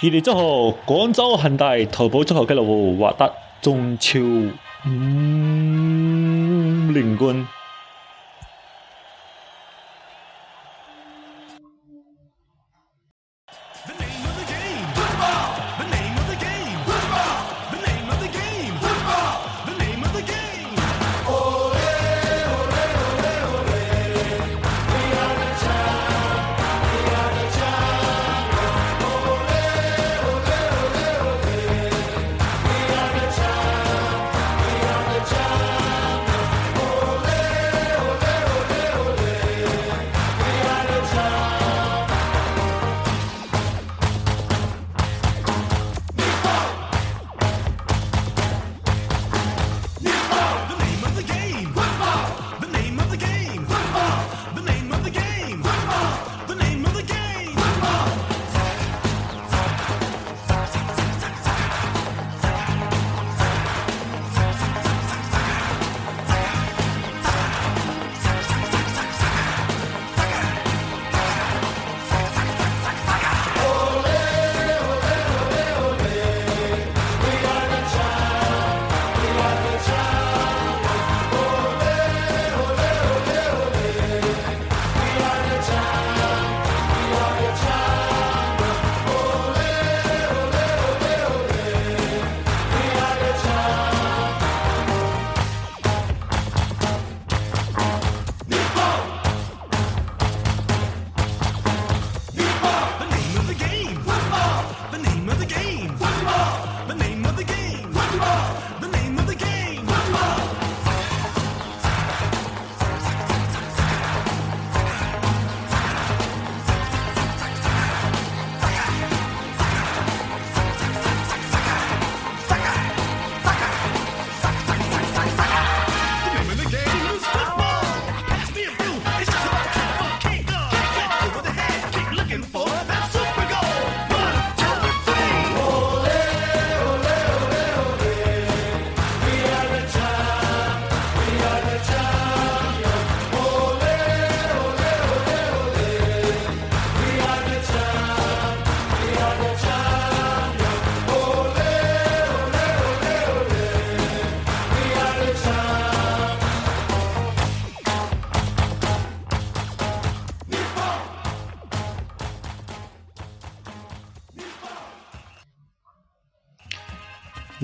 熱烈祝賀廣州恒大淘寶足球俱樂部獲得中超五、嗯、連冠。